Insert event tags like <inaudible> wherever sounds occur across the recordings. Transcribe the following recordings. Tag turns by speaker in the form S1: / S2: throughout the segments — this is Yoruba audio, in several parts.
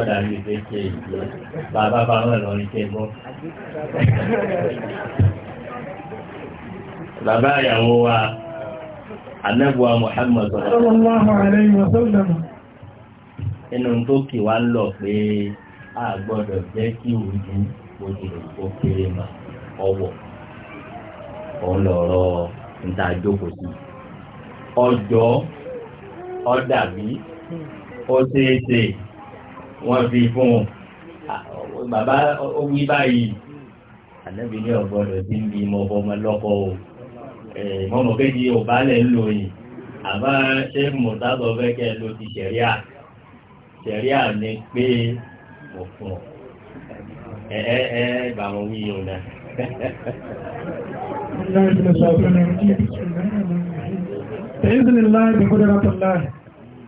S1: ọ̀dà mi fẹ́ ṣe ìjọ bàbá bá wọn lọ rí tẹ́gbọ́. bàbá ìyàwó wa anábùwà Muhammad sallallahu inú tó kì wá lọ pé a gbọ́dọ̀ jẹ́ kí ojú wọ́n fi fún un bàbá ó wí báyìí ànábì ní ọ̀gbọ́dọ̀ tí ń bi mọ ọmọ lọ́kọ o mọ́mọ́ kéjì ò bá lẹ̀ ń lò yìí àbá ṣéèkù mọ̀tàbọ̀ fẹ́ kẹ́ ló ti ṣẹ̀ríà ṣẹ̀ríà ni pé mo fún ọ ẹ ẹ ẹ bà wọn wí yìí ọ̀nà.
S2: بإذن الله بقدرة الله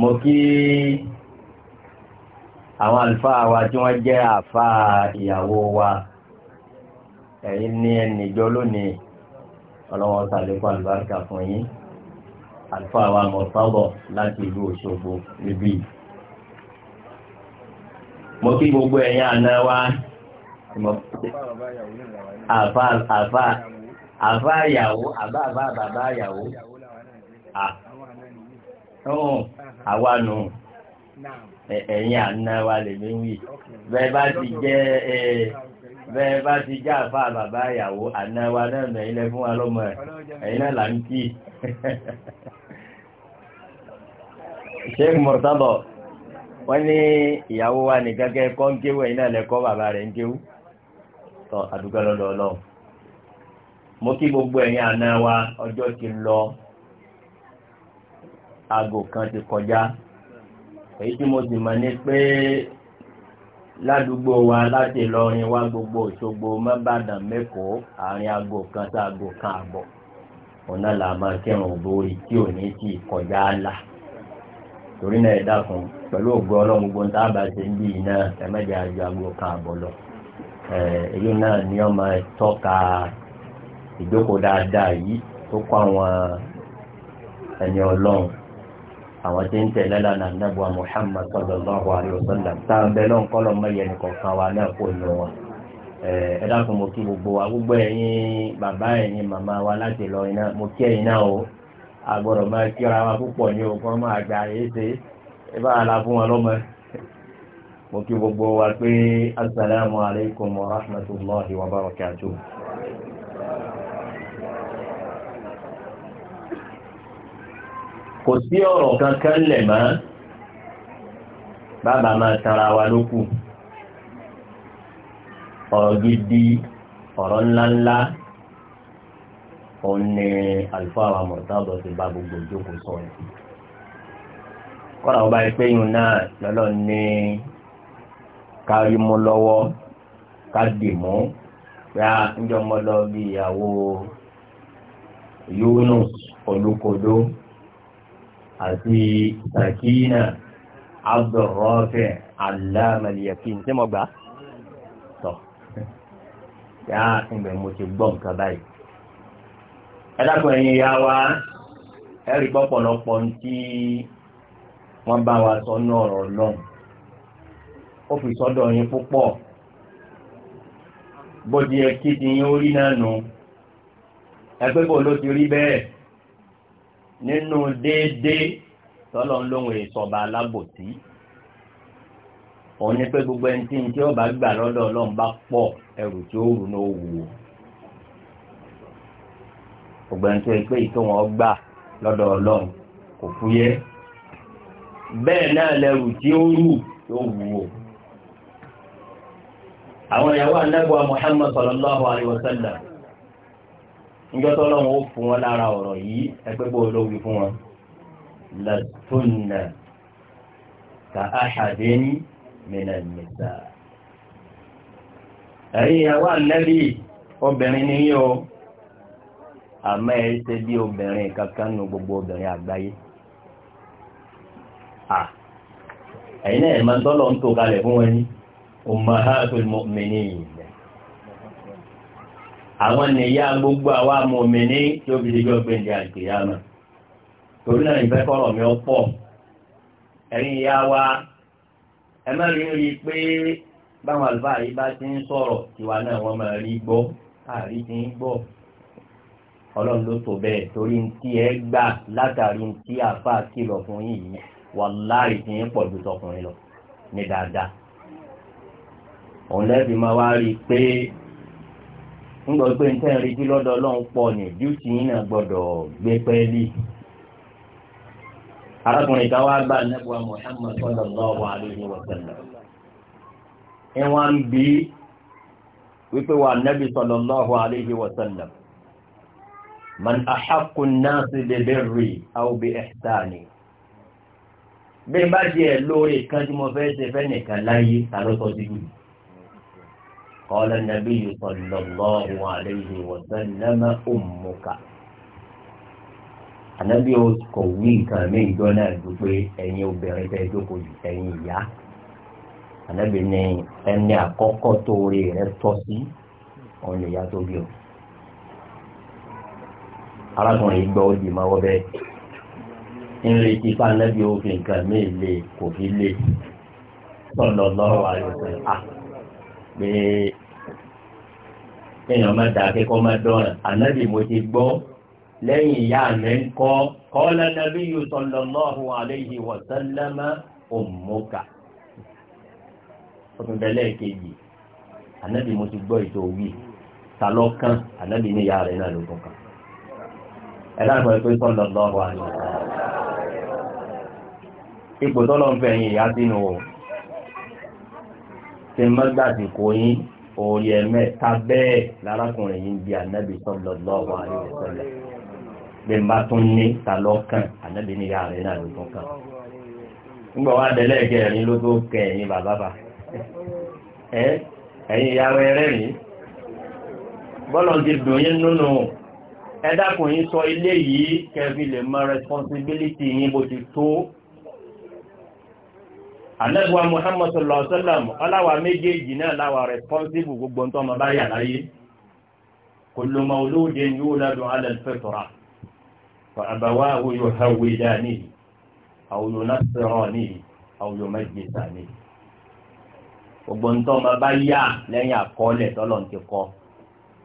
S1: mo kí àwọn àlùfáà wa tí wọ́n jẹ́ àfáà ìyàwó wa ẹ̀yin ní ẹnìjọ́ lónìí ọlọ́wọ́n sàlékún àlùbáríkà fún yín àlùfáà wa mọ̀ sábọ̀ láti ìlú Òṣogbo níbí. mo kí gbogbo ẹ̀yin àná wa àfáà àfáà àfáà ìyàwó àbá àbá bàbá ìyàwó àwa nù ẹ̀yin àna wa lè mí wí bẹ́ẹ̀ bá ti jẹ́ bẹ́ẹ̀ bá ti já àfa bàbá ìyàwó àna wa náà mẹ́yìn lẹ́ fún wa lọ́mọ ẹ̀ ẹ̀yin náà là ń kí <laughs> sheikh murtado wọ́n ní ìyàwó wa ní gẹ́gẹ́ kọ́ ń kéwú ẹ̀yin náà lẹ́kọ́ bàbá rẹ̀ ń kéwú tọ́ àdúgbò lọ́dọọlọ́ mo kí gbogbo ẹ̀yin àna wa ọjọ́ ti lọ Ago kan ti kọjá èyí tí mo sì mọ̀ ni pé ládùúgbò wa láti Ìlọrin wá gbogbo Òṣogbo mẹ́bàdàn mẹ́kọ̀ọ́ àárín ago kan sí ago kan àbọ̀ ọ̀nà là máa kẹrùn borí tí ò ní ti kọjá là torí náà ẹ dákun pẹ̀lú ògo ọlọ́run gbogbo tá a bá ṣe ń bí iná ẹ̀mẹ́jẹ àjọ aago kan àbọ̀ lọ èyí náà ni ọmọ tọ́ka ìjókòó dáadáa yìí tó kọ́ àwọn ẹni ọlọ́run àwọn tí ń tẹ̀lé lánà nàbọ̀ Muhammad sallallahu alaihi wasallam tá a bẹ lọ́n kọ́ lọ́mọ yẹn wa náà kó yẹ wọn. ẹ dákun mo kí gbogbo wa gbogbo ẹ̀yin bàbá ẹ̀yin màmá wa láti lọ iná mo kí náà o àgbọ̀dọ̀ máa kíra wa púpọ̀ ní o kọ́ máa gba bá a la fún wọn lọ́mọ. wa pé wa kò sí ọ̀rọ̀ kankan lẹ̀ mọ́ bàbá máa tanra wa lókù ọ̀rọ̀ gidi ọ̀rọ̀ ńláńlá òun ni àlùfáà wa Murtada ti bá gbogbo ìjókòó sọ̀rọ̀ kọ́ra ọba ẹgbẹ́ yìí náà lọ́lọ́ ní kárí mú lọ́wọ́ ká dì mú yá ń jọmọ́ lọ bí ìyàwó Yunus Olúkodó àti sakina abdulrafi alamalyakin tí mo gbà tọ yá ìgbẹ́ mo ti gbọ́ nǹkan báyìí ẹ dákun ẹ̀yin ya wa ẹ rí pọ̀pọ̀lọpọ̀ ntí wọ́n bá wa sọ ní ọ̀rọ̀ lọ́n ó fi sọ́dọ̀ yín púpọ̀ bó di ẹ kí ti yín ó rí náà nù ẹgbẹ́ bò ló ti rí bẹ́ẹ̀. nínú déédé tọ́lọ̀ ń lóhun ìsọ̀ba alábòtí òun ni pé gbogbo ẹni tí ń tí ọba gbà lọ́dọ̀ ọlọ́run bá pọ̀ ẹrù tí ó rù ní òwò gbogbo ẹni tó yẹ pé ìtò wọn gbà lọ́dọ̀ ọlọ́run kò fúyẹ́ bẹ́ẹ̀ náà lẹrù tí ó rù wù ó àwọn ìyàwó níjọ́ tó lọ́wọ́ ó fún wọn lára ọ̀rọ̀ yìí ẹgbẹ́ bó ló wí fún wọn. latunna ka ahadin minan nisa. ẹ̀yin ìyàwó àlẹ́bí obìnrin ni yín o àmọ́ ẹ ṣe bí obìnrin kankan nu gbogbo obìnrin àgbáyé. ẹ̀yin náà ẹ̀ máa ń tọ́lọ̀ ń tó kalẹ̀ fún wọn ní ummahatul mu'minin àwọn nìyá gbogbo àwa mòmìnì tí ó fi lè jọ gbẹ̀ǹdẹ̀ àgbéyàmà torí náà ìfẹ́ kọ́rọ̀ mi ó pọ̀ ẹ̀yin ìyá wa ẹ má rí rí pé báwọn àlùfáà yìí bá ti ń sọ̀rọ̀ tiwa náà wọ́n máa rí gbọ́ àrí ti ń gbọ́ ọlọ́run ló tó bẹ́ẹ̀ torí ń tí ẹ gbà látàrí ń tí àfa kìlọ̀ fún yìí wàláì ti ń pọ̀ ju tọkùnrin lọ ní dáadáa òun lẹ́bi máa wá rí pé ńgbọ́ pé n tẹ́ ń retí lọ́dọ̀ ọlọ́run pọ̀ ní díùtì yín náà gbọ́dọ̀ gbé pẹ́ẹ́lí. arákùnrin kan wá gbà nẹ́bùwá Muhammad sallallahu alaihi wa sallam. ẹ wá ń bí wípé wà nẹ́bí sallallahu alaihi wa sallam. man ahaqqu an-nasi bi aw bi ihsani. bí bá jẹ́ lóore kan tí mo nìkan láyé ta ló قال النبي صلى الله عليه وسلم أمك ànábì ó kò wí nǹkan mi ìjọ náà ju pé ẹ̀yin obìnrin tẹ́ jókòó yìí ẹ̀yin ìyá ànábì ní ẹni àkọ́kọ́ tó rí rẹ tọ́ sí òun lè yá tó bí o arákùnrin yìí gbọ́ ó di máa wọ́ bẹ́ẹ̀ ń retí fún ànábì ó fi nǹkan mi lè kò fi lè sallallahu alaihi wasallam pé kéèyàn má da akẹ́kọ̀ọ́ má dọ́ràn ànábì mo ti gbọ́ lẹ́yìn ìyá mi ń kọ́ qala nabiyyu sallallahu alayhi wa sallama ummuka ọ̀túnbẹ̀lẹ̀ kejì ànábì mo ti gbọ́ ètò òwì talọ́kàn ànábì ní ìyá rẹ̀ náà ló tún kàn ẹ̀láàbọ̀ ẹgbẹ́ sallallahu alayhi wa sallam ipò tọ́lọ́ ń fẹ̀yìn ìyá sínú o ṣe mọ́gbàdìkò yín òòrì ẹ̀mẹ́ta bẹ́ẹ̀ lárákùnrin yìí ń bi ànábì sallallahu alaihi wasallam bí n bá tún ní ta lọ́kàn ànábì ní ìyá rẹ̀ náà ló tún kàn. nígbà wá dẹ́lẹ́ ìkẹrin ló tó kẹ ẹ̀yin bàbá bà ẹ̀yin ìyá rẹ̀ rẹ́rìn bọ́lọ̀ ti dùn yín nínú ẹ̀dákùnrin sọ ilé yìí kẹfì lè mọ responsibility yín bó ti tó anagba muhammad sallallahu alaihi wa sallam ọláwa méjèèjì náà láwa responsible gbogbo ntọ́ ọmọ báyà láyé kullu mawludin yuladu ala al-fitra fa abawahu yuhawwidanihi aw yunassiranihi aw yumajjisanihi gbogbo ntọ́ ọmọ báyà lẹ́yìn àkọọ́lẹ̀ tọ́lọ̀ ti kọ́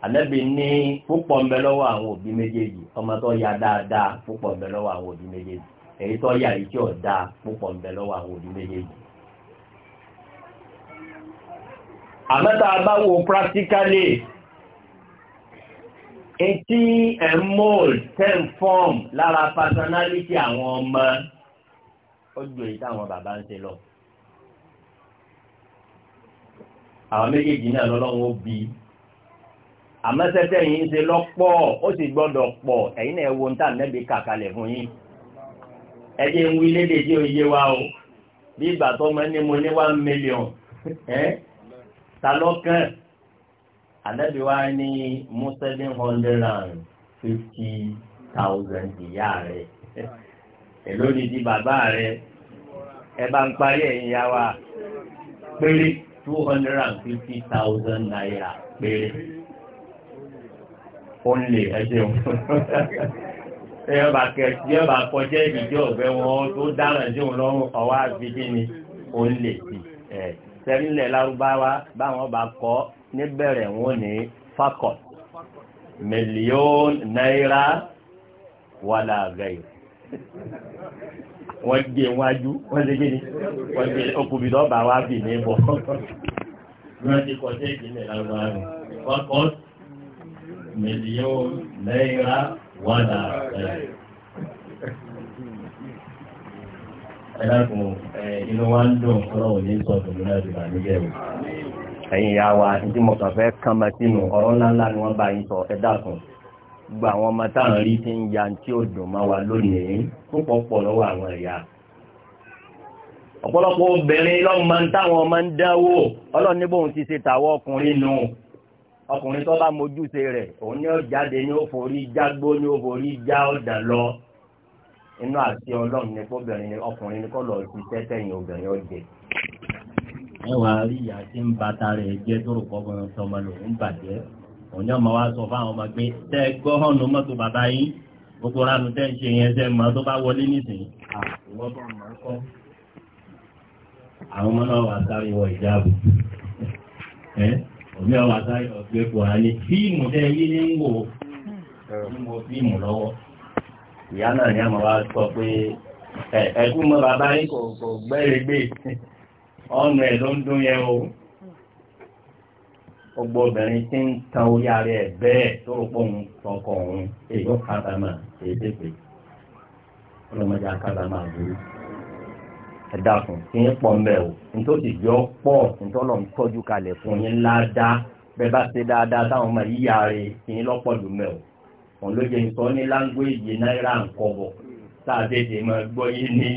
S1: alẹ́bi ní púpọ̀ ń bẹ lọ́wọ́ àwọn òbí méjèèjì ọmọ tó ya dáadáa púpọ̀ ń bẹ lọ́wọ́ àwọn òbí méjèèjì èyí tó ya yìí tí ò dáa púpọ̀ ń bẹ lọ́wọ́ àwọn òbí méjèèjì
S2: àmẹ́ta àbáwò
S1: practically in tí ẹ̀ mold ten form lára personality àwọn ọmọ ọjọ́ èyí táwọn bàbá ń ṣe lọ àwọn méjèèjì náà lọ́lọ́run ó bí àmọ́sẹ́sẹ́ yìí ń ṣe lọ́pọ̀ ó sì gbọ́dọ̀ pọ̀ ẹ̀yin náà wo níta nẹ́bí kàkalẹ̀ fún yín ẹjẹ́ ń wí lédè tí ó yé wa o bí ìgbà tó mọ́ ní mo ní one million talọ́kàn ànábì wa ní mú seven hundred and fifty thousand ìyá rẹ̀ èló ni ti bàbá rẹ̀ ẹ bá ń parí ẹ̀yìn ya wa péré two hundred and fifty thousand naira péré ó ń lè ẹ jẹun ẹ̀yọ́ bá kẹ̀sí ẹ̀ bá kọjẹ́ ìdíjọ́ ọ̀bẹ wọn tó dára sí òun lọ́rùn ọwọ́ kí ni only ń lè sẹ́rílẹ̀ lárúbáwá báwọn bá kọ́ níbẹ̀rẹ̀ wọn ní fakọ̀t mílíọ̀n náírà wàlà gẹ̀yìn wọ́n gé wájú wọ́n lè gé ní wọ́n gé okùnbìdọ́ bá wá bì ní bọ̀ wọ́n ti kọ́ sí ìpínlẹ̀ lárúbáwá fakọ̀t mílíọ̀n náírà wàlà gẹ̀yìn. ẹlẹ́kùn inú wa ń dùn ọlọ́wọ́ ní sọ̀tún lónà ìdìbò àníjẹ́ o. ẹ̀yin ìyá wa tí mo kàn fẹ́ kàn sínú ọ̀rọ̀ ńláńlá ni wọ́n bá yín sọ ẹ dákun gba àwọn ọmọ táwọn rí ti ń ya tí ó dùn máa wà lónìí púpọ̀ pọ̀ lọ́wọ́ àwọn ẹ̀yà ọ̀pọ̀lọpọ̀ obìnrin lọ́mọ máa ń táwọn ọmọ ń dánwò ọlọ́run níbo òun ti ṣe lọ inú àti ọlọ́run ní kóbìnrin ni ọkùnrin ní kọ́lọ̀ ti tẹ́tẹ̀yìn obìnrin ọjẹ́. ẹ wàá rí ìyá tí ń ba ta rẹ̀ jẹ́ tó rò kọ́kọ́ sọmọ lò ń bàjẹ́ òun máa wá sọ fáwọn ọmọ pé ẹ gbọ́ mọ́tò bàbá yín gbogbo ránu tẹ́ ń ṣe yẹn tẹ́ mọ́ tó bá wọlé nísìnyí. àwọn ọmọ náà wà sáré wọ ìjáàbù ẹ ọwà sáré ọgbẹ́ buhari fíìmù ní ń wò hmm. fíìmù ìyá náà ní àmọ́ wa sọ pé ẹkú mọ́ bàbá yín kò kò gbẹ́rẹ́gbẹ́ ọ̀nà ẹ̀ ló ń dún yẹn o gbogbo obìnrin tí ń tan orí ara ẹ̀ bẹ́ẹ̀ tó rò pé òun tọkọ òun èyí ó kábàámà èyí tètè ọlọ́mọdé akábàámà burú ẹ̀dá fún kí n pọ̀ mbẹ́ o nítorí ìjọ pọ̀ nítorí ọ̀n tọ́jú kalẹ̀ fún yín ládàá bẹ́ẹ̀ bá ṣe dáadáa táwọn ọmọ yíyá rẹ̀ kí n lọ́pọ̀ lù mẹ́ o òun ló jẹ́ sọ ní láńgbéèjì náírà nkọ́bọ̀ tá a tètè máa gbọ́ yé ní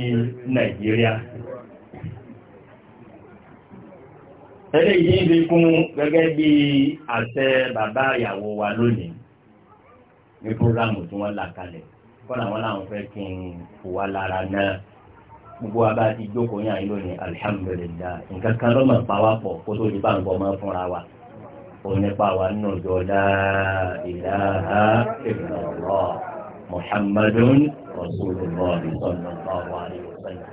S1: nàìjíríà. eléyìí ń fi kún gẹ́gẹ́ bí àṣẹ bàbá ìyàwó wa lónìí ní programu tí wọ́n là kalẹ̀ kọ́nà wọn làwọn fẹ́ kí n fòwá lára náà gbogbo wa ti jókòó yàn lónìí alihamudulilayi nǹkan kan ló máa kó tó di bá ń bọ̀ máa fúnra wa onípa wa nínú ọjọ́ láàrínláà ìrìnàlọ́ Muhammadun Rasulullah sallallahu alaihi wasallam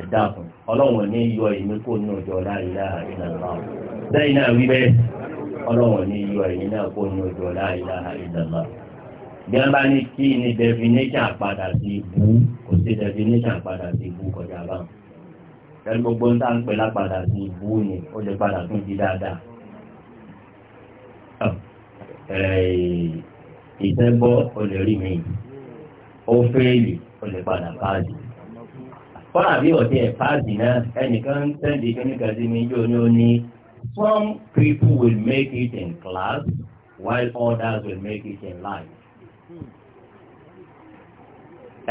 S1: ẹ̀dá fún ọlọ́run ní yọ èmi kó nínú ọjọ́ láàrínláà ìrìnàlọ́ lẹ́yìn náà wí bẹ́ẹ̀ ọlọ́run ní yọ èmi náà kó nínú ọjọ́ láàrínláà ìrìnàlọ́ bí wọ́n bá ní kí ni definition àpadà sí ibú kò sí definition àpadà sí ni ó lè padà tún di ìtẹ́bọ́ ọlẹ̀ rí mi ó fẹ́ẹ̀lì ọlẹ̀ padà páàdì kọ́nà bí ọ̀tẹ́ ẹ̀ páàdì náà ẹnìkan tẹ́lẹ̀ kẹ́míkà sí mi yóò ní ó ní some people will make it in class while others will make it in life.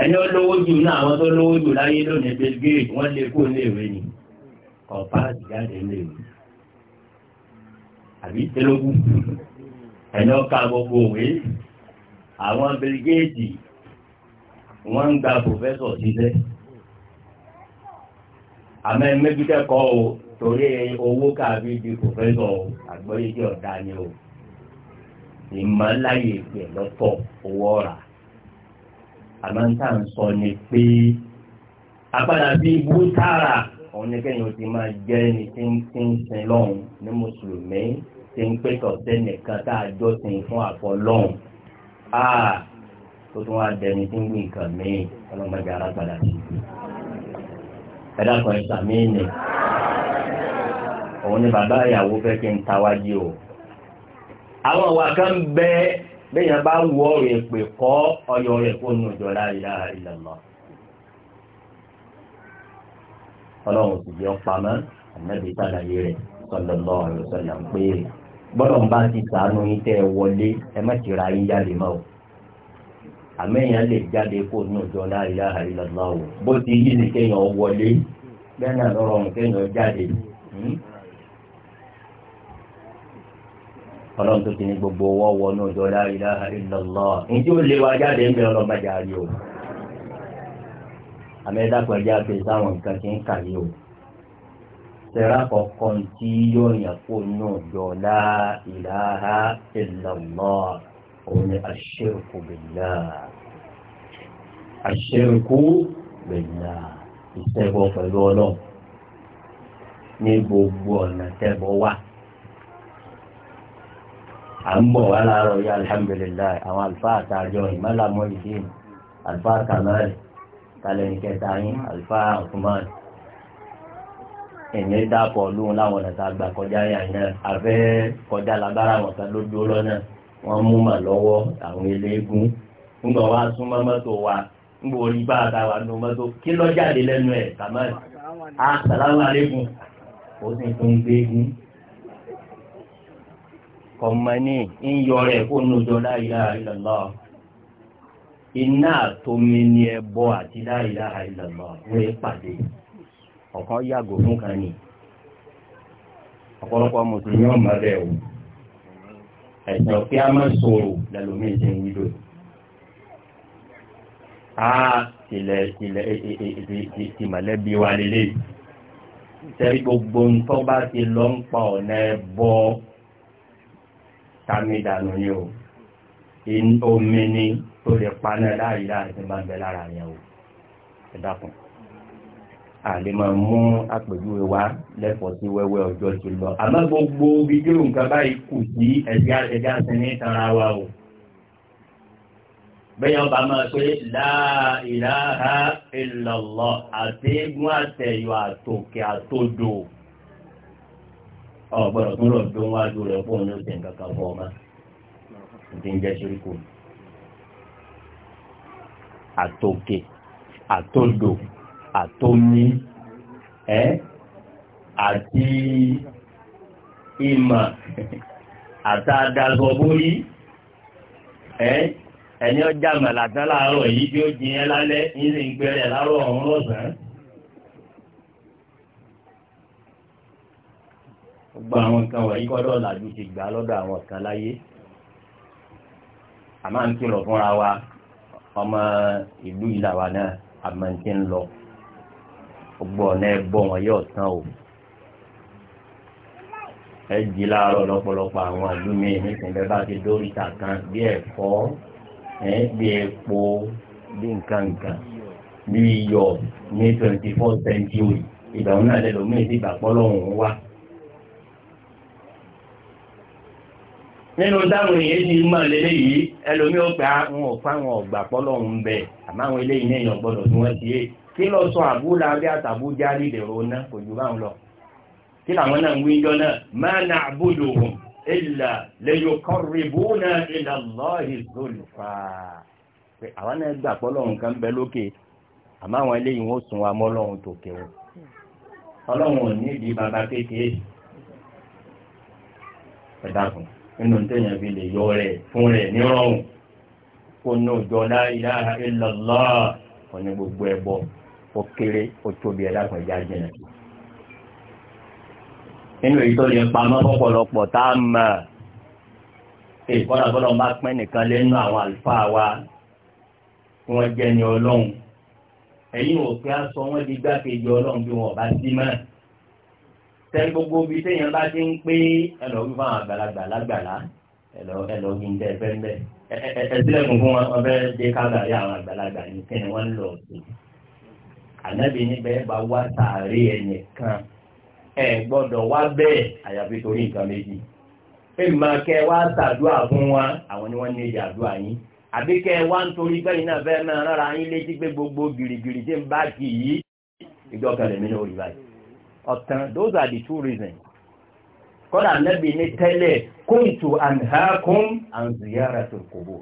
S1: ẹni ó lówó jù náà àwọn tó lówó jù láyé lónìí bill gates wọ́n lè kó léèwé ni kọ̀ páàdì jáde léèwé àbí tẹ́lógún ẹ̀yìn ọ̀ka gbogbo òwe àwọn bírígéèdì wọ́n ń gba pòfẹ́sọ̀ síṣẹ́ àmọ́ ẹ̀mẹ́gbẹ́kẹ́kọ̀ọ́ o torí owó káàbí di pòfẹ́sọ̀ àgbọ́yé tí ọ̀dá ni o ìmọ̀láyè ìpè lọ́tọ̀ owó ọ̀rà àmọ́ńtà ń sọ ni pé agbára bí ibú tààrà òun ni kẹ́yìn ó ti máa jẹ́ ẹni tí ń sin lọ́hùn ní mùsùlùmí ṣe ń pé tọ̀tẹ́ nìkan tá a jọ sìn fún àfọlọ́hún a tó tún wá dẹni tí ń wí nǹkan míì ọlọ́mọdé arágbádá ti fi ẹ̀dá kan ẹ̀ sàmì ni òun ni bàbá ìyàwó fẹ́ kí n tawájú o àwọn ìwà kan bẹ bẹ́yàn bá wọ ọ̀rọ̀ èpè kọ́ ọyọ rẹ̀ kó nù jọ la ilaha illallah ọlọ́run sì jẹ́ ọpamọ́ ànábì sàlàyé rẹ̀ sallallahu alaihi wasallam ń pè é bọ́lọ̀ ń bá ti sàánú yín tẹ́ ẹ wọlé ẹ má ti ra yín jáde mọ́ o àmẹ́yìn lè jáde kó ní ọjọ́ la ilaha illallah o bó ti yí ni kéèyàn wọlé bẹ́ẹ̀ náà lọ́rọ̀ ọ̀hún kéèyàn jáde hmm? ọlọ́run tó ti ní gbogbo ọwọ́ wọ ní ọjọ́ la ilaha illallah ǹjẹ́ ó lè wá jáde ń bẹ ọlọ́mọ jáde o àmẹ́dàpọ̀ ẹ̀jẹ̀ àti ìsáwọn nǹkan ti ń kà yìí o sẹ́ra kọ̀ọ̀kan tí yóò yàn kó náà jọ la ilaha illallah òun ni aṣ-ṣirku billah aṣ-ṣirku billah ìṣẹ́bọ̀ pẹ̀lú ọlọ́run ní gbogbo ọ̀nà tẹ́bọ̀ wà à ń bọ̀ wá láàárọ̀ yá alhamdulilayi àwọn àlùfáà àtàjọ ìmọ̀lá ìdí àlùfáà kàmáàlì kálẹ̀ ní kẹta yín àlùfáà ọ̀túnmáàlì ẹ̀mí dàpọ̀ lóhun láwọn ọ̀nà tá a gbà kọjá yà náà àfẹ́ kọjá labára àwọn kan lójú lọ́nà wọ́n mú mà lọ́wọ́ àwọn eléégún ńgbà wá súnmọ́ mọ́tò wa ńgbà orí bá a ta wà nù mọ́tò kí ló jáde lẹ́nu ẹ̀ kàmáì á sàlámù alẹ́kùn ó sì tún gbégún kọmọní ń yọ rẹ̀ kó nùjọ la ilaha illallah iná àtomi ni ẹbọ àti la ilaha illallah wọ́n pàdé ọ̀kan yàgò fún kan ni ọ̀pọ̀lọpọ̀ mùsùlùmí ọmọ rẹ̀ o ẹ̀sọ̀ pé a máa sọ̀rọ̀ lẹ́lòmí ti ń wílò a tilẹ̀ tilẹ̀ e, e, e, ti mọ̀lẹ́bí wa lélẹ̀ sẹ́rí gbogbo ntọ́ bá ti lọ ń pa ọ̀nà ẹbọ tamidanu ni o omi ni tó lè paná láàyè láàyè tó bá ń bẹ lára yẹn o ẹ dákun àlè máa mú àpèjúwe wa lẹ́fọ̀ọ́ sí wẹ́wẹ́ ọjọ́ ti lọ. àmọ́ gbogbo fídíò nǹkan báyìí kù sí ẹ̀dá ẹ̀dá sinmi tara wa o. bẹ́ẹ̀ ọba máa pé la ilaha illallah àtẹ́gùn àtẹ̀yọ̀ àtòkè àtòdò ọ̀gbọ́dọ̀ tó lọ dún wájú rẹ̀ fún òun ló ṣe nǹkan kan fún ọmọ ìdí ń jẹ́ ṣoríkò àtòkè àtòdò àtòyí ẹ́ àti ìmọ̀ àtàdàgbọ̀bórí ẹ́ ẹni ọjà màlàtán láàárọ̀ yìí tí ó jiyàn lálẹ́ ìrìn ìgbẹ́rẹ̀ láàárọ̀ ọ̀hún lọ́sàn-án
S2: gbogbo àwọn nǹkan wọ̀nyí kọ́dọ̀ làjú
S1: ti gbà lọ́dọ̀ àwọn kan láyé àmọ́ ń kí lọ fúnra wa ọmọ ìlú ìlàwà náà àmọ́ ń kí lọ. gbogbo ọ̀nà ẹbọ wọn yóò tán o ẹ jí láàárọ̀ lọ́pọ̀lọpọ̀ àwọn ìlú nípìnlẹ̀ bá ti dórí kan bí ẹ̀fọ́ ẹ bí epo bí nǹkan bí iyọ̀ ní twenty four century ìgbà wọn náà lẹ́lọ́mìn ti wá. nínú ti mọ̀ lélẹ́ yìí ah, ò fáwọn ọ̀gbà kí lọ sọ àbúlà bí àtàbújá nídèrò náà kò jù báwọn lọ kí làwọn náà ń wí jọ náà máa na àbúlò hùn ilà lẹ́yọ kọ́rìbù náà ilà lọ́ọ̀hì zolùfà pé àwọn náà gbà pọ́lọ́hùn kan bẹ lókè àmọ́ àwọn eléyìí wọ́n sùn wa mọ́lọ́hùn tó kéwò ọlọ́hùn ò ní ìdí bàbá kékeré ẹ̀dàkùn nínú tẹ́yìn fi lè yọ rẹ̀ fún rẹ̀ nírọ̀rùn kó náà jọ la ilaha illallah ọ̀nà gbogbo ẹ̀bọ̀ ó kéré ó tóbi ẹ̀ lápẹ̀ já jìnà nínú èyí tó lè pamọ́ pọ̀pọ̀lọpọ̀ tá a mọ̀ ìkọ́nàbọ́lọ́ bá pín nìkan lẹ́nu àwọn àlùfáà wa tí wọ́n jẹ́ ní ọlọ́run ẹ̀yìn òfin aṣọ wọn di gbákejì ọlọ́run bí wọn ọba sí mọ́ tẹ́lẹ̀ gbogbo bíi téèyàn bá ti ń pé ẹlọ́ wí fáwọn àgbàlagbà lágbàlá ẹlọ́ ẹlọ́ wí ń dẹ́ bẹ́ẹ̀ bẹ́ẹ̀ ẹ ẹ ẹ sílẹ̀kùn fún wọn wọn fẹ́ẹ́ dé kábàárẹ̀ àwọn àgbàlagbà ní kí ni wọ́n ń lọ sí i ànábì níbẹ̀ bá wá sàárè ẹnìkan ẹ gbọ́dọ̀ wá bẹ́ẹ̀ àyàfi torí nǹkan méjì ìmọ̀ kẹ wá sàdúà fún wa àwọn ni wọ́n ní ìyà àdúà yín àbí kẹ wá ń torí gbẹ̀yìn náà fẹ́ mẹ́rin rárá yín létí pé gbogbo gìrìgìrì tí ń bá kì í ìjọ kan lèmi náà rí báyìí ọ̀tàn those are the two reasons kọ́dà nẹ́bí ní tẹ́lẹ̀ kóńtù àǹhákùn àǹzìyára tó kòbó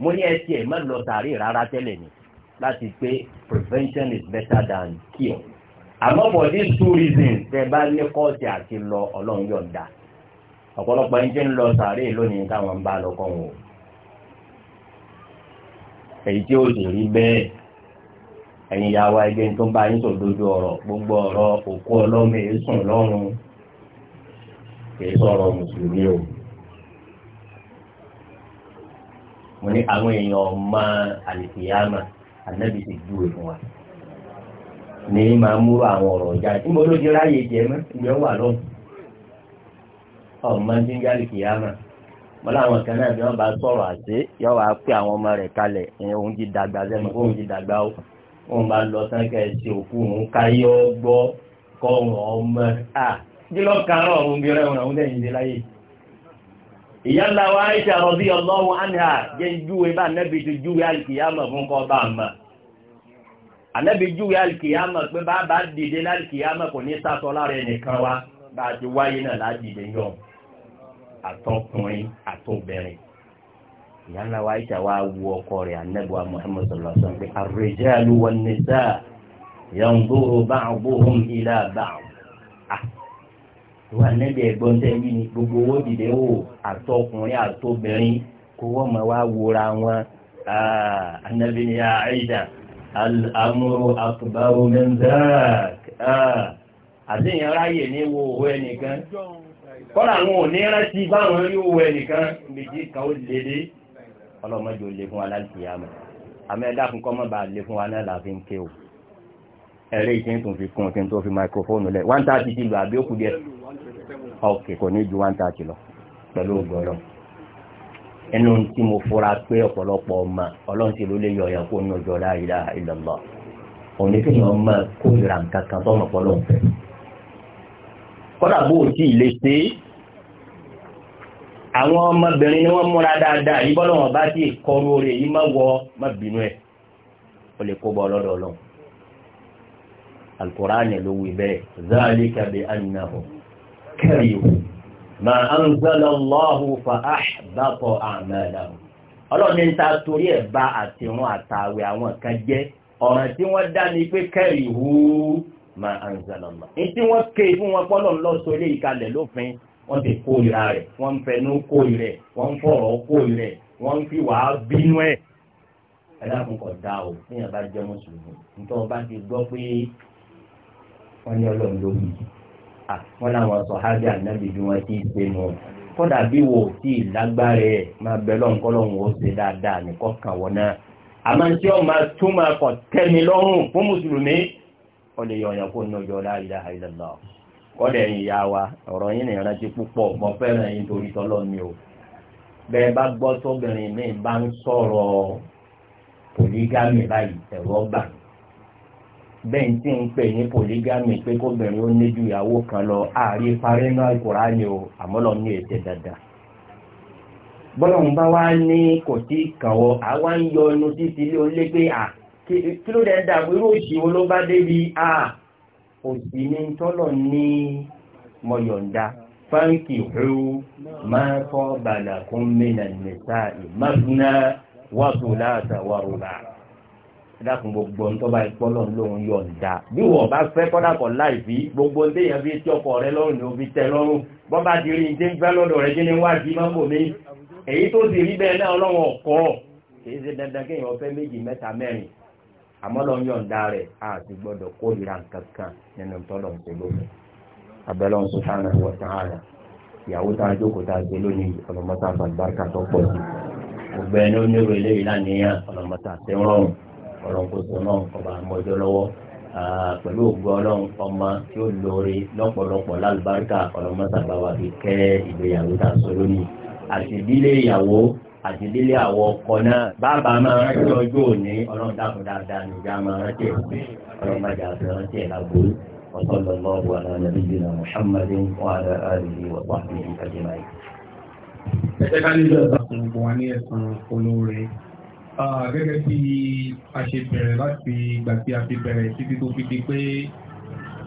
S1: mo ní ẹ tiẹ̀ má lọ sàárè rárá tẹ́lẹ̀ ni láti pé prevention is better than cure àmọ́ for these two reasons tẹ bá ní kọ́ọ̀sì àti lọ ọlọ́run yọ̀ǹda ọ̀pọ̀lọpọ̀ ẹni tí ń lọ sàárè lónìí táwọn ń bá lọ kọ́ wọn o èyí tí ó sì rí bẹ́ẹ̀ ẹ̀yin ìyàwó ẹgbẹ́ tó ń bá yín sòdodo ọ̀rọ̀ gbogbo ọ̀rọ̀ òkú ọlọ́mọ èyí sùn lọ́rùn èyí sọ̀rọ̀ mùsùlùmí o mo ní àwọn èèyàn ọmọ àlìkìyàmà ànábì ti júwe fún wa ní máa mú àwọn ọ̀rọ̀ ọjà níbo ló di ráyè jẹ mọ́ ìgbẹ́ wà lọ́hùn ọmọ ti ń jáde kìyàmà mọ láwọn kan náà bí wọn bá sọ̀rọ̀ àti yọ wá pé àwọn ọmọ rẹ̀ kalẹ̀ òun ti dàgbà sẹnu òun ti dàgbà ó òun bá lọ tán kẹ ṣe òkú òun káyọ gbọ́ kọrùn ọmọ à kí lọ kàárọ bí rẹ òun àwọn ẹ̀yìn dé láyè ìyáńlá wa Aisha radiyallahu anha jẹ́ júwe bá nẹ́bi ti júwe alìkìyàmọ̀ fún kọ́ bá mọ̀ ànẹ́bi júwe alìkìyàmọ̀ pé bá bá dìde lálìkìyàmọ̀ kò ní sásọ lára ẹnìkan wa bá ti wáyé náà ládìde yọ àtọkùnrin àtobìnrin ìyáńlá wa Aisha wa wu ọkọ rẹ̀ ànẹ́bi wa Muhammad sallallahu alaihi wasallam pé ar-rijalu wan-nisaa yanzuru ba'duhum ila ba'd ìwà nẹ́bí ẹ̀gbọ́n tẹ́ yìí ni gbogbo owó dìde wò àtọkùnrin àtobìnrin kó wọ́n mọ̀ wá wòra wọn anabi ah, ni àìdá al-amru akbaru min dhak ah, àti ìyẹn ráyè ní wo owó ẹnìkan kọ́lá àwọn òní rántí báwọn rí owó ẹnìkan méjì kan ó lè dé ọlọ́mọdé ò lè fún wa láti yá mọ́ àmọ́ ẹ̀dá fún kọ́mọ́ lè fún wa náà láfi ń ké o ẹ̀rẹ́ ìṣẹ́ tó fi kún kí n tó fi microphone lẹ̀ 130 ti lọ àbí ó kù díẹ̀ ok kò ní ju 130 lọ pẹ̀lú ògbọ́lọ́ ẹnu tí mo fura pé ọ̀pọ̀lọpọ̀ ọmọ ọlọ́run ti ló lè yọ ọ̀yàn kó ní ọjọ́ la ilaha illallah òní kí ni ọmọ kó ìra nǹkan kan tọ́nà pọ́lọ́ fẹ́ kọ́dà bó o tí lè ṣe àwọn ọmọbìnrin ni wọ́n múra dáadáa yìí bá ti kọrú orí yìí má ẹ̀ ó lè kó bọ́ ọlọ́dọ̀ alkùránì ló wí bẹ́ẹ̀ zálíkà bí annahum karihu ma anzala Allahu fa ahbata a'malahum ọlọ́ni ń ta torí ẹ̀ bá àtìrún àtàwẹ̀ àwọn kan jẹ́ ọ̀ràn tí wọ́n dá ní pé karihu ma anzala Allah ní tí wọ́n ké fún wọn pọ́lọ́ lọ́sọ ilé ìkalẹ̀ lófin wọ́n ti kórìíra rẹ̀ wọ́n ń fẹnu kórìíra rẹ̀ wọ́n ń fọ̀rọ̀ kórìíra rẹ̀ wọ́n ń fi wàá bínú ẹ̀ ẹ̀dá kò kọ̀ dá o fún yàrá jẹ́ mùsùlùmí nítorí wọ́n bá ti gbọ́ pé wọ́n ní ọlọ́run ló wù wọ́n láwọn sọ̀hábì ànábì bí wọ́n ti ṣe mọ́ kódà bí wò ó tí ì lágbára ẹ̀ máa bẹ lọ́nkọ́lọ́hún ó ṣe dáadáa nìkan kan wọ́n náà àmọ́ tí ó máa tún máa kọ̀ tẹ́mi lọ́rùn fún mùsùlùmí ó lè yọ̀yàn kó ní ọjọ́ la ilaha illallah kọ́dẹ̀ yìí ya wa ọ̀rọ̀ yìí ní ìrántí púpọ̀ mo fẹ́ràn yìí torí tọ́lọ́ mi o bẹ́ẹ̀ bá gbọ́ tóbìnrin mi bá ń sọ̀rọ̀ polygamy báyìí bẹ́ẹ̀ tí ń pè ní polygamy pé kóbìnrin ó ní ju ìyàwó kan lọ ààrí parí náà Kùránì o àmọ́lọ́ ní ètè dandan bọ́lọ̀hún bá wá ní kò tí kànwọ́ àwa ń yọ inú títí ilé olé pé à kí ló dẹ̀ dàbí irú òṣìwò ló bá débi à òsì ní tọ́lọ̀ ní mọ̀yọ̀ǹda fáńkì hù máa kọ́ bàlàkún mìíràn nìta ìmáfúnná wàtúlá àtàwárùbà dákun gbogbo ń tọ́ba ìpọ́lọ̀ lóun yọ̀ǹda bí wọ́n bá fẹ́ kọ́dà kọ́ láìsí gbogbo ń déyàn fi tí ọkọ̀ rẹ lọ́rùn ni ó fi tẹ lọ́rùn bọ́ bá ti rí ní gbẹ́ lọ́dọ̀ rẹ kí ni wá sí mọ́mọ́ mi èyí tó sì rí bẹ́ẹ̀ náà ọlọ́run ọ̀kọ́ kì í ṣe dandan kéèyàn fẹ́ méjì mẹ́ta mẹ́rin àmọ́ lọ́n yọ̀ǹda rẹ̀ á ti gbọ́dọ̀ kórìíra kankan nínú tọ́lọ̀ abẹ́lọ́n sọ́tánà wọ̀ tààrà ìyàwó tá a jókòó tá a gbé lónìí ọlọ́mọta àbàlùbáríkà tó pọ̀ sí gbogbo ẹni ó nírò rọrùn ọlọ́nkóso náà kọba àmọ́jọ́ lọ́wọ́ pẹ̀lú ògbó ọlọ́run ọmọ tí ó lóore lọ́pọ̀lọpọ̀ lálùbáríkà ọlọ́mọ́sàbáwá fi kẹ́ ìgbéyàwó tá a sọ lónìí àti ìdílé ìyàwó àti ìdílé àwọn ọkọ náà bàbá máa rántí ọjọ́ òní ọlọ́run dákun dáadáa nìjà máa rántí ẹ̀ ọlọ́run bá jà sí rántí ẹ̀ lágbóyè. وصلى الله على نبينا محمد وعلى آله وصحبه
S2: أجمعين. Ah, gẹ́gẹ́ bí a ṣe bẹ̀rẹ̀ láti ìgbà tí a fi bẹ̀rẹ̀ títí tó fi di pé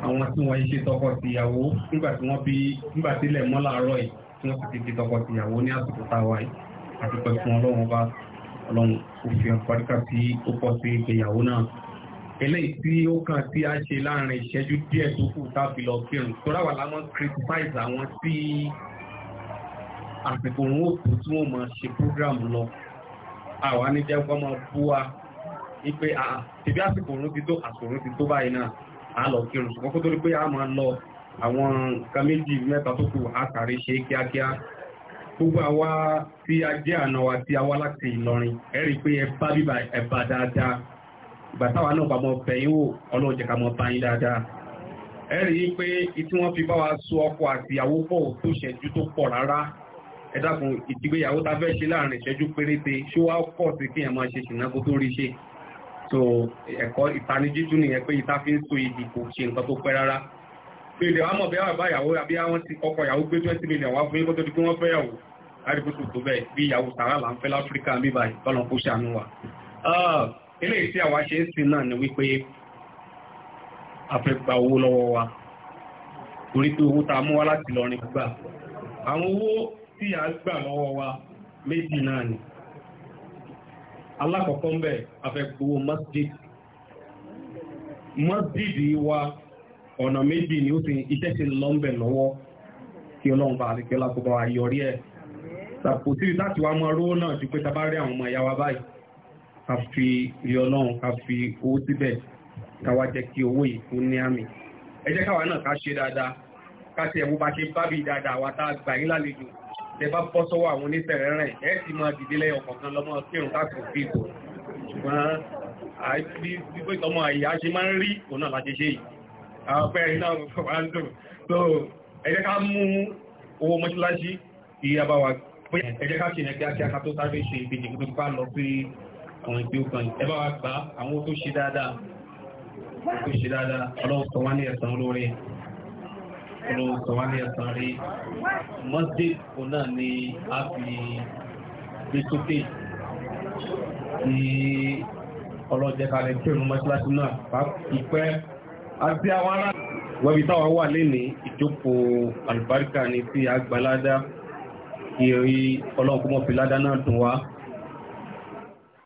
S2: àwọn tí wọ́n ṣe tọkọ tìyàwó nígbà tí wọ́n bí nígbà tí ilẹ̀ mọ́ láàárọ̀ yìí tí wọ́n sì ti di tọkọ tìyàwó ní àsìkò táwa yìí àti pẹ̀ fún ọlọ́run bá ọlọ́run òfin àpáríkà tí ó pọ̀ sí ìgbéyàwó náà eléyìí tí ó kàn tí a ṣe láàrin ìṣẹ́jú díẹ̀ tó kù tábì lọ kírun tó ráwà láwọn criticize àwọn tí àsìkò òun ò kú tí wọ́n máa ṣe program lọ àwa ní jẹ́ kọ́ máa bú wa wípé ti tó àsòrò ti tó báyìí náà a lọ kírun ṣùgbọ́n kó tó rí pé a máa lọ àwọn nǹkan méjì mẹ́ta tó kù àkàrí ṣe kíákíá gbogbo àwa tí a jẹ́ àna wa tí a wá láti Ìlọrin ẹ rí i pé ẹ bá bíbà ẹ bá dáadáa ìgbà táwa náà bá mọ bẹ̀yìn wò Ọlọ́run jẹ́ ká mọ bá yín dáadáa ẹ rí i pé tí wọ́n fi bá wa so ọkọ àti ìyàwó pọ̀ tó ṣẹ́jú tó pọ̀ rárá ẹ dákun ìdígbéyàwó ta fẹ́ ṣe láàrin ìṣẹ́jú péréte ṣó wá pọ̀ sí kí ẹ máa ṣe ṣìnà kó tó rí ṣe so ẹ̀kọ́ ìtanijí tún nìyẹn pé ìta fi ń so ìdì kò ṣe nǹkan tó pẹ́ rárá pé ilẹ̀ wàá mọ̀ bẹ́ẹ̀ wà báyàwó àbí àwọn ti ọkọ ìyàwó gbé twenty million wá fún yín kó tó di pé wọ́n fẹ́yàwó láríkùsù tó bẹ́ẹ̀ bí ìyàwó sàrà là ń fẹ́ láfíríkà ah, àwọn owó tí a gbà lọ́wọ́ wa méjì náà ni alákọ̀ọ́kọ́ ń bẹ̀ afẹ́gbowó masjid masjid wa ọ̀nà méjì ni ó ti iṣẹ́ ti lọ́mbẹ̀ lọ́wọ́ kí ọlọ́run bá àríkẹ́ lápọ̀bọ̀ àyọrí ẹ̀ tàbí sí láti wá mọ́ rówó náà ju pé ta bá rí àwọn ọmọ ìyá wa báyìí ká fi rí náà ká ṣe dáadáa ká ṣe ẹ̀wọ́ bá ṣe bábí dáadáa wa tá a gbà yín lálejò tẹ́bá bọ́ sọ́wọ́ àwọn onífẹ̀rẹ́ rẹ̀ ẹ́ ti máa dìde lẹ́yọ kọ̀ọ̀kan lọ́mọ kírun láti òfin ìbò ṣùgbọ́n àìsí gbígbé ìtọ́mọ àyà ṣe máa ń rí òun náà láti ṣe yìí àpẹ́ iná wà ń dùn tó ẹ jẹ́ ká mú owó mọ́ṣáláṣí ìyàbá wa pé ẹ jẹ́ ká ṣe ìrìn kíákíá ká tó sáré ṣe ìbejì tó bá lọ sí àwọn ìgbé kan ẹ bá wa gbà àwọn irun sọ̀wálé ẹ̀sán rí masjid òun náà ni a fi gbé sókè tí ọlọ́jẹ́ kalẹ̀ tí òun mọ́ṣáláṣí náà bá fi pẹ́ àti àwọn ará wẹ́bí táwọn wà lẹ́ni ìjókòó àlùbáríkà ni tí a gbà ládá kí orí ọlọ́run kó mọ́ fi ládá náà dùn wá